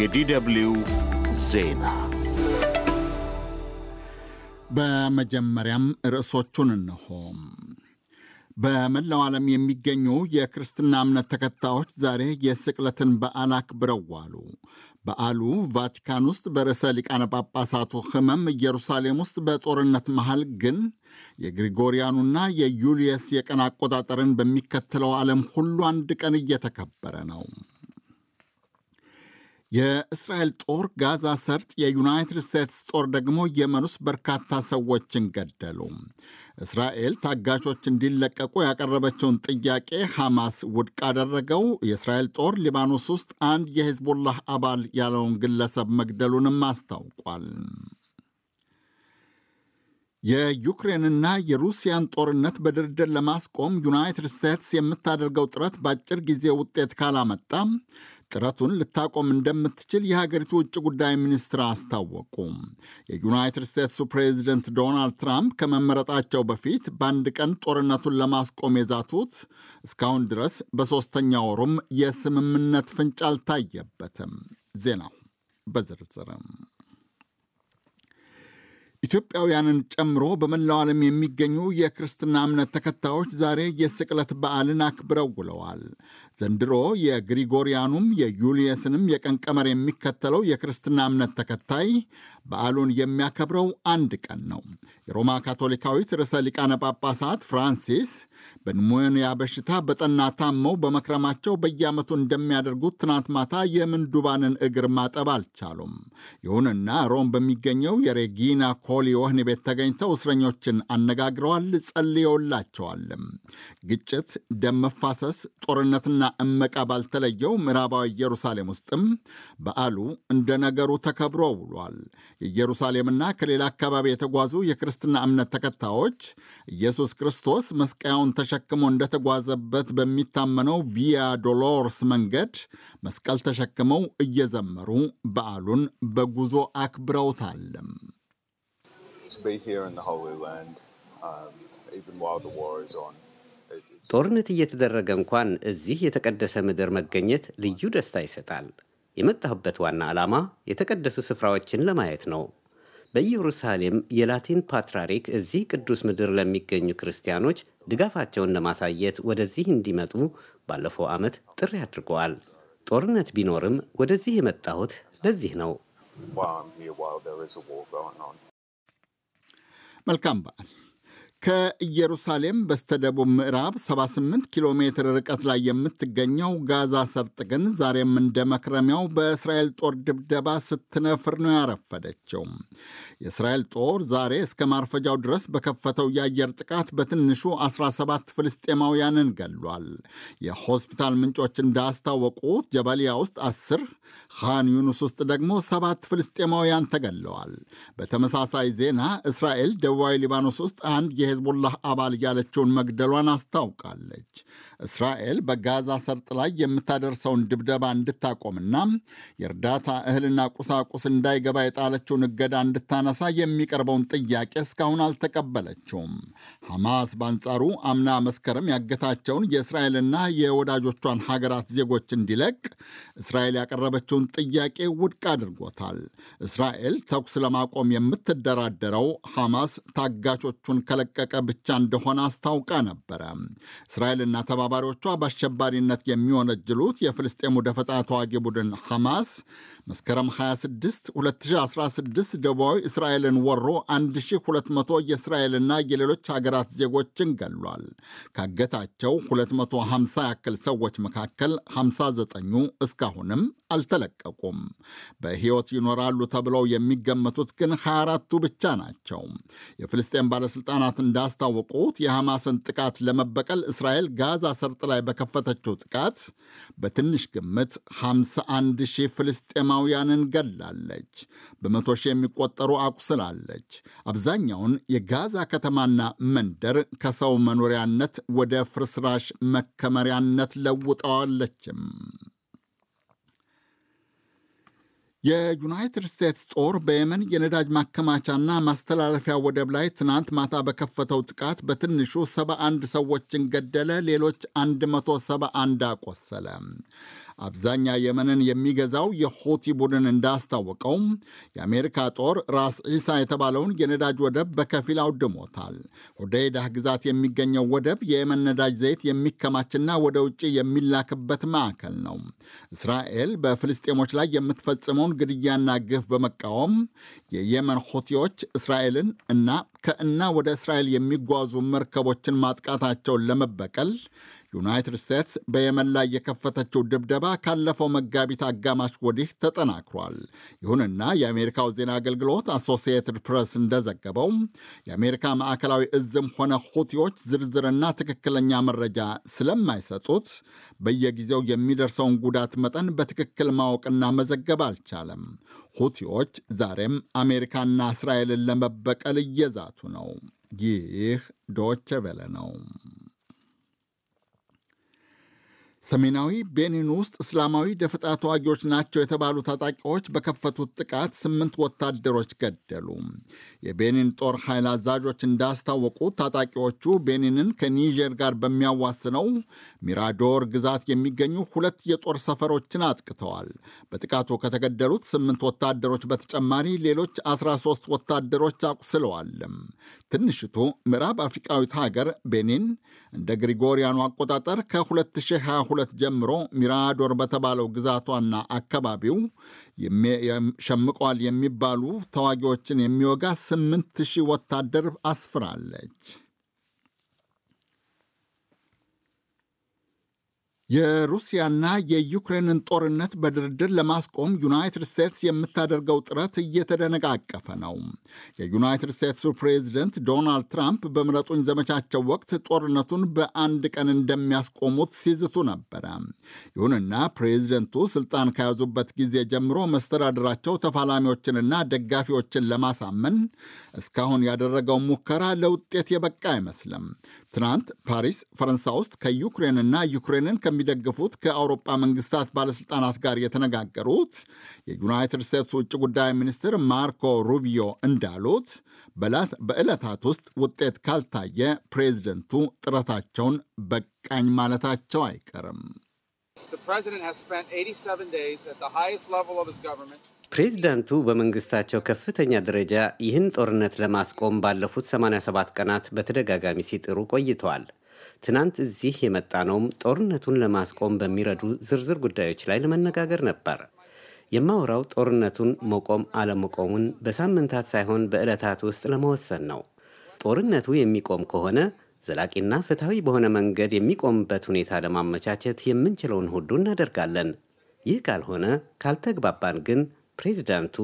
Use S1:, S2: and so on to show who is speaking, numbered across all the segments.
S1: የዲደብልዩ ዜና በመጀመሪያም ርዕሶቹን እንሆ። በመላው ዓለም የሚገኙ የክርስትና እምነት ተከታዮች ዛሬ የስቅለትን በዓል አክብረው ዋሉ። በዓሉ ቫቲካን ውስጥ በርዕሰ ሊቃነ ጳጳሳቱ ህመም ኢየሩሳሌም ውስጥ በጦርነት መሃል ግን የግሪጎሪያኑና የዩልየስ የቀን አቆጣጠርን በሚከተለው ዓለም ሁሉ አንድ ቀን እየተከበረ ነው። የእስራኤል ጦር ጋዛ ሰርጥ፣ የዩናይትድ ስቴትስ ጦር ደግሞ የመን ውስጥ በርካታ ሰዎችን ገደሉ። እስራኤል ታጋቾች እንዲለቀቁ ያቀረበችውን ጥያቄ ሐማስ ውድቅ አደረገው። የእስራኤል ጦር ሊባኖስ ውስጥ አንድ የሂዝቦላህ አባል ያለውን ግለሰብ መግደሉንም አስታውቋል። የዩክሬንና የሩሲያን ጦርነት በድርድር ለማስቆም ዩናይትድ ስቴትስ የምታደርገው ጥረት በአጭር ጊዜ ውጤት ካላመጣ ጥረቱን ልታቆም እንደምትችል የሀገሪቱ ውጭ ጉዳይ ሚኒስትር አስታወቁ። የዩናይትድ ስቴትሱ ፕሬዚደንት ዶናልድ ትራምፕ ከመመረጣቸው በፊት በአንድ ቀን ጦርነቱን ለማስቆም የዛቱት እስካሁን ድረስ በሦስተኛ ወሩም የስምምነት ፍንጭ አልታየበትም። ዜናው በዝርዝርም ኢትዮጵያውያንን ጨምሮ በመላው ዓለም የሚገኙ የክርስትና እምነት ተከታዮች ዛሬ የስቅለት በዓልን አክብረው ውለዋል። ዘንድሮ የግሪጎሪያኑም የዩልየስንም የቀን ቀመር የሚከተለው የክርስትና እምነት ተከታይ በዓሉን የሚያከብረው አንድ ቀን ነው። የሮማ ካቶሊካዊት ርዕሰ ሊቃነ ጳጳሳት ፍራንሲስ በኒሞኒያ በሽታ በጠና ታመው በመክረማቸው በየዓመቱ እንደሚያደርጉት ትናንት ማታ የምንዱባንን እግር ማጠብ አልቻሉም። ይሁንና ሮም በሚገኘው የሬጊና ኮሊ ወህኒ ቤት ተገኝተው እስረኞችን አነጋግረዋል፣ ጸልየውላቸዋልም። ግጭት፣ ደም መፋሰስ፣ ጦርነትና እመቃ ባልተለየው ምዕራባዊ ኢየሩሳሌም ውስጥም በዓሉ እንደ ነገሩ ተከብሮ ውሏል። ኢየሩሳሌምና ከሌላ አካባቢ የተጓዙ የክርስትና እምነት ተከታዮች ኢየሱስ ክርስቶስ መስቀያውን ተሸክሞ እንደተጓዘበት በሚታመነው ቪያ ዶሎርስ መንገድ መስቀል ተሸክመው እየዘመሩ በዓሉን በጉዞ
S2: አክብረውታል። um, ጦርነት እየተደረገ እንኳን እዚህ የተቀደሰ ምድር መገኘት ልዩ ደስታ ይሰጣል። የመጣሁበት ዋና ዓላማ የተቀደሱ ስፍራዎችን ለማየት ነው። በኢየሩሳሌም የላቲን ፓትርያርክ እዚህ ቅዱስ ምድር ለሚገኙ ክርስቲያኖች ድጋፋቸውን ለማሳየት ወደዚህ እንዲመጡ ባለፈው ዓመት ጥሪ አድርገዋል። ጦርነት ቢኖርም ወደዚህ የመጣሁት ለዚህ ነው። መልካም በዓል።
S1: ከኢየሩሳሌም በስተደቡብ ምዕራብ 78 ኪሎ ሜትር ርቀት ላይ የምትገኘው ጋዛ ሰርጥ ግን ዛሬም እንደ መክረሚያው በእስራኤል ጦር ድብደባ ስትነፍር ነው ያረፈደችው። የእስራኤል ጦር ዛሬ እስከ ማርፈጃው ድረስ በከፈተው የአየር ጥቃት በትንሹ 17 ፍልስጤማውያንን ገሏል። የሆስፒታል ምንጮች እንዳስታወቁት ጀበሊያ ውስጥ 10 ሃን ዩኑስ ውስጥ ደግሞ ሰባት ፍልስጤማውያን ተገለዋል። በተመሳሳይ ዜና እስራኤል ደቡባዊ ሊባኖስ ውስጥ አንድ የሄዝቦላህ አባል ያለችውን መግደሏን አስታውቃለች። እስራኤል በጋዛ ሰርጥ ላይ የምታደርሰውን ድብደባ እንድታቆምና የእርዳታ እህልና ቁሳቁስ እንዳይገባ የጣለችውን እገዳ እንድታነሳ የሚቀርበውን ጥያቄ እስካሁን አልተቀበለችውም። ሐማስ በአንጻሩ አምና መስከረም ያገታቸውን የእስራኤልና የወዳጆቿን ሀገራት ዜጎች እንዲለቅ እስራኤል ያቀረበ ያቀረበችውን ጥያቄ ውድቅ አድርጎታል። እስራኤል ተኩስ ለማቆም የምትደራደረው ሐማስ ታጋቾቹን ከለቀቀ ብቻ እንደሆነ አስታውቃ ነበረ። እስራኤልና ተባባሪዎቿ በአሸባሪነት የሚወነጅሉት የፍልስጤሙ ደፈጣ ተዋጊ ቡድን ሐማስ መስከረም 26 2016 ደቡባዊ እስራኤልን ወሮ 1200 የእስራኤልና የሌሎች ሀገራት ዜጎችን ገሏል። ካገታቸው 250 ያክል ሰዎች መካከል 59ኙ እስካሁንም አል አልተለቀቁም። በሕይወት ይኖራሉ ተብለው የሚገመቱት ግን 24ቱ ብቻ ናቸው። የፍልስጤን ባለሥልጣናት እንዳስታወቁት የሐማስን ጥቃት ለመበቀል እስራኤል ጋዛ ሰርጥ ላይ በከፈተችው ጥቃት በትንሽ ግምት 51 ሺህ ፍልስጤማውያንን ገላለች። በመቶ ሺህ የሚቆጠሩ አቁስላለች። አብዛኛውን የጋዛ ከተማና መንደር ከሰው መኖሪያነት ወደ ፍርስራሽ መከመሪያነት ለውጠዋለችም። የዩናይትድ ስቴትስ ጦር በየመን የነዳጅ ማከማቻና ማስተላለፊያ ወደብ ላይ ትናንት ማታ በከፈተው ጥቃት በትንሹ 71 ሰዎችን ገደለ፣ ሌሎች 171 አቆሰለ። አብዛኛ የመንን የሚገዛው የሆቲ ቡድን እንዳስታወቀው የአሜሪካ ጦር ራስ ኢሳ የተባለውን የነዳጅ ወደብ በከፊል አውድሞታል። ሁዴይዳህ ግዛት የሚገኘው ወደብ የየመን ነዳጅ ዘይት የሚከማችና ወደ ውጭ የሚላክበት ማዕከል ነው። እስራኤል በፍልስጤሞች ላይ የምትፈጽመውን ግድያና ግፍ በመቃወም የየመን ሆቲዎች እስራኤልን እና ከእና ወደ እስራኤል የሚጓዙ መርከቦችን ማጥቃታቸውን ለመበቀል ዩናይትድ ስቴትስ በየመን ላይ የከፈተችው ድብደባ ካለፈው መጋቢት አጋማሽ ወዲህ ተጠናክሯል። ይሁንና የአሜሪካው ዜና አገልግሎት አሶሲየትድ ፕሬስ እንደዘገበው የአሜሪካ ማዕከላዊ እዝም ሆነ ሁቲዎች ዝርዝርና ትክክለኛ መረጃ ስለማይሰጡት በየጊዜው የሚደርሰውን ጉዳት መጠን በትክክል ማወቅና መዘገብ አልቻለም። ሁቲዎች ዛሬም አሜሪካና እስራኤልን ለመበቀል እየዛቱ ነው። ይህ ዶቸ ቬለ ነው። ሰሜናዊ ቤኒን ውስጥ እስላማዊ ደፈጣ ተዋጊዎች ናቸው የተባሉ ታጣቂዎች በከፈቱት ጥቃት ስምንት ወታደሮች ገደሉ። የቤኒን ጦር ኃይል አዛዦች እንዳስታወቁት ታጣቂዎቹ ቤኒንን ከኒጀር ጋር በሚያዋስነው ሚራዶር ግዛት የሚገኙ ሁለት የጦር ሰፈሮችን አጥቅተዋል። በጥቃቱ ከተገደሉት ስምንት ወታደሮች በተጨማሪ ሌሎች 13 ወታደሮች አቁስለዋል። ትንሽቱ ምዕራብ አፍሪቃዊት ሀገር ቤኒን እንደ ግሪጎሪያኑ አቆጣጠር ከ2022 ጀምሮ ሚራዶር በተባለው ግዛቷና አካባቢው ሸምቋል የሚባሉ ተዋጊዎችን የሚወጋ 8000 ወታደር አስፍራለች። የሩሲያና የዩክሬንን ጦርነት በድርድር ለማስቆም ዩናይትድ ስቴትስ የምታደርገው ጥረት እየተደነቃቀፈ ነው። የዩናይትድ ስቴትሱ ፕሬዚደንት ዶናልድ ትራምፕ በምረጡኝ ዘመቻቸው ወቅት ጦርነቱን በአንድ ቀን እንደሚያስቆሙት ሲዝቱ ነበረ። ይሁንና ፕሬዚደንቱ ስልጣን ከያዙበት ጊዜ ጀምሮ መስተዳድራቸው ተፋላሚዎችንና ደጋፊዎችን ለማሳመን እስካሁን ያደረገው ሙከራ ለውጤት የበቃ አይመስልም። ትናንት ፓሪስ ፈረንሳ ውስጥ ከዩክሬንና ዩክሬንን ከሚደግፉት ከአውሮጳ መንግስታት ባለሥልጣናት ጋር የተነጋገሩት የዩናይትድ ስቴትስ ውጭ ጉዳይ ሚኒስትር ማርኮ ሩቢዮ እንዳሉት በዕለታት ውስጥ ውጤት ካልታየ ፕሬዚደንቱ ጥረታቸውን በቃኝ ማለታቸው አይቀርም።
S2: ፕሬዚዳንቱ በመንግስታቸው ከፍተኛ ደረጃ ይህን ጦርነት ለማስቆም ባለፉት 87 ቀናት በተደጋጋሚ ሲጥሩ ቆይተዋል። ትናንት እዚህ የመጣነውም ጦርነቱን ለማስቆም በሚረዱ ዝርዝር ጉዳዮች ላይ ለመነጋገር ነበር። የማውራው ጦርነቱን መቆም አለመቆሙን በሳምንታት ሳይሆን በዕለታት ውስጥ ለመወሰን ነው። ጦርነቱ የሚቆም ከሆነ ዘላቂና ፍትሐዊ በሆነ መንገድ የሚቆምበት ሁኔታ ለማመቻቸት የምንችለውን ሁሉ እናደርጋለን። ይህ ካልሆነ ካልተግባባን ግን ፕሬዚዳንቱ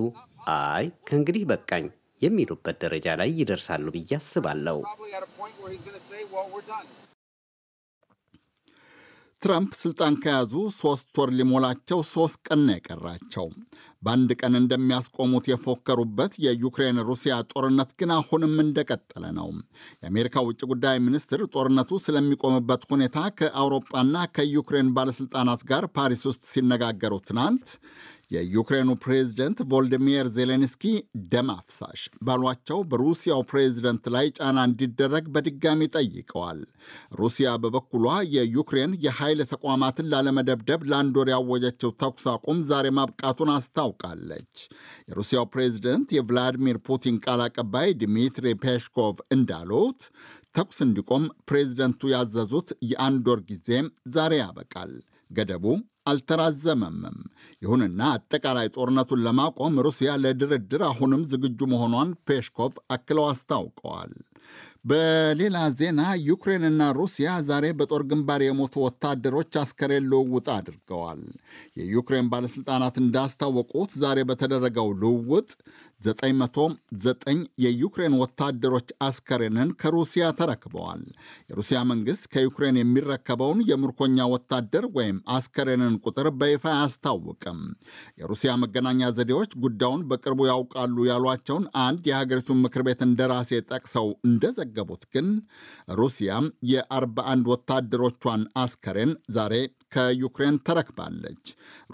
S2: አይ ከእንግዲህ በቃኝ የሚሉበት ደረጃ ላይ ይደርሳሉ ብዬ አስባለሁ። ትራምፕ ስልጣን ከያዙ
S1: ሶስት ወር ሊሞላቸው ሶስት ቀን ነው የቀራቸው። በአንድ ቀን እንደሚያስቆሙት የፎከሩበት የዩክሬን ሩሲያ ጦርነት ግን አሁንም እንደቀጠለ ነው። የአሜሪካ ውጭ ጉዳይ ሚኒስትር ጦርነቱ ስለሚቆምበት ሁኔታ ከአውሮጳና ከዩክሬን ባለሥልጣናት ጋር ፓሪስ ውስጥ ሲነጋገሩ ትናንት የዩክሬኑ ፕሬዝደንት ቮልዲሚር ዜሌንስኪ ደም አፍሳሽ ባሏቸው በሩሲያው ፕሬዝደንት ላይ ጫና እንዲደረግ በድጋሚ ጠይቀዋል። ሩሲያ በበኩሏ የዩክሬን የኃይል ተቋማትን ላለመደብደብ ለአንድ ወር ያወጀችው ተኩስ አቁም ዛሬ ማብቃቱን አስታውቃለች። የሩሲያው ፕሬዝደንት የቭላዲሚር ፑቲን ቃል አቀባይ ድሚትሪ ፔሽኮቭ እንዳሉት ተኩስ እንዲቆም ፕሬዝደንቱ ያዘዙት የአንድ ወር ጊዜም ዛሬ ያበቃል። ገደቡ አልተራዘመምም። ይሁንና አጠቃላይ ጦርነቱን ለማቆም ሩሲያ ለድርድር አሁንም ዝግጁ መሆኗን ፔሽኮቭ አክለው አስታውቀዋል። በሌላ ዜና ዩክሬንና ሩሲያ ዛሬ በጦር ግንባር የሞቱ ወታደሮች አስከሬን ልውውጥ አድርገዋል። የዩክሬን ባለሥልጣናት እንዳስታወቁት ዛሬ በተደረገው ልውውጥ 909 የዩክሬን ወታደሮች አስከሬንን ከሩሲያ ተረክበዋል። የሩሲያ መንግሥት ከዩክሬን የሚረከበውን የምርኮኛ ወታደር ወይም አስከሬንን ቁጥር በይፋ አያስታውቅም። የሩሲያ መገናኛ ዘዴዎች ጉዳዩን በቅርቡ ያውቃሉ ያሏቸውን አንድ የሀገሪቱን ምክር ቤት እንደራሴ ጠቅሰው እንደዘገቡት ግን ሩሲያ የ41 ወታደሮቿን አስከሬን ዛሬ ከዩክሬን ተረክባለች።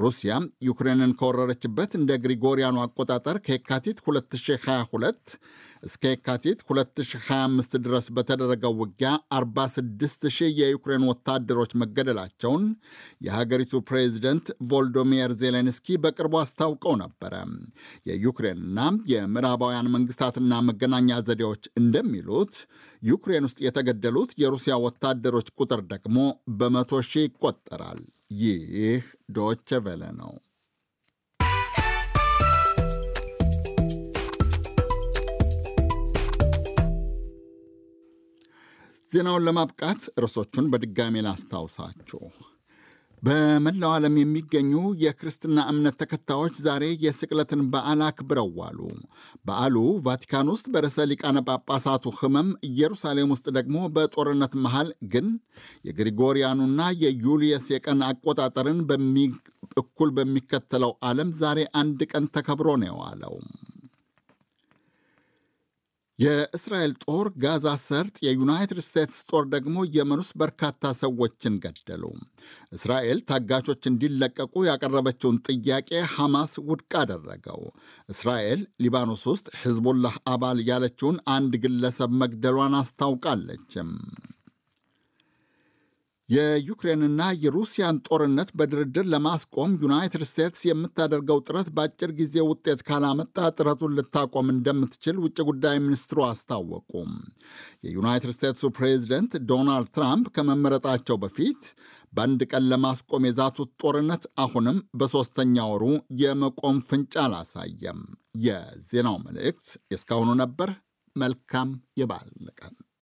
S1: ሩሲያ ዩክሬንን ከወረረችበት እንደ ግሪጎሪያኑ አቆጣጠር ከየካቲት 2022 እስከ የካቲት 2025 ድረስ በተደረገው ውጊያ 46 ሺህ የዩክሬን ወታደሮች መገደላቸውን የሀገሪቱ ፕሬዚደንት ቮልዶሚየር ዜሌንስኪ በቅርቡ አስታውቀው ነበረ። የዩክሬንና የምዕራባውያን መንግስታትና መገናኛ ዘዴዎች እንደሚሉት ዩክሬን ውስጥ የተገደሉት የሩሲያ ወታደሮች ቁጥር ደግሞ በመቶ ሺህ ይቆጠራል። ይህ ዶቸ ቬለ ነው። ዜናውን ለማብቃት ርዕሶቹን በድጋሜ ላስታውሳችሁ። በመላው ዓለም የሚገኙ የክርስትና እምነት ተከታዮች ዛሬ የስቅለትን በዓል አክብረው ዋሉ። በዓሉ ቫቲካን ውስጥ በርዕሰ ሊቃነ ጳጳሳቱ ህመም፣ ኢየሩሳሌም ውስጥ ደግሞ በጦርነት መሃል ግን የግሪጎሪያኑና የዩልየስ የቀን አቆጣጠርን እኩል በሚከተለው ዓለም ዛሬ አንድ ቀን ተከብሮ ነው የዋለው። የእስራኤል ጦር ጋዛ ሰርጥ፣ የዩናይትድ ስቴትስ ጦር ደግሞ የመን ውስጥ በርካታ ሰዎችን ገደሉ። እስራኤል ታጋቾች እንዲለቀቁ ያቀረበችውን ጥያቄ ሐማስ ውድቅ አደረገው። እስራኤል ሊባኖስ ውስጥ ሕዝቡላህ አባል ያለችውን አንድ ግለሰብ መግደሏን አስታውቃለችም። የዩክሬንና የሩሲያን ጦርነት በድርድር ለማስቆም ዩናይትድ ስቴትስ የምታደርገው ጥረት በአጭር ጊዜ ውጤት ካላመጣ ጥረቱን ልታቆም እንደምትችል ውጭ ጉዳይ ሚኒስትሩ አስታወቁ። የዩናይትድ ስቴትሱ ፕሬዚደንት ዶናልድ ትራምፕ ከመመረጣቸው በፊት በአንድ ቀን ለማስቆም የዛቱት ጦርነት አሁንም በሦስተኛ ወሩ የመቆም ፍንጭ አላሳየም። የዜናው መልእክት የእስካሁኑ ነበር። መልካም የበዓል ቀን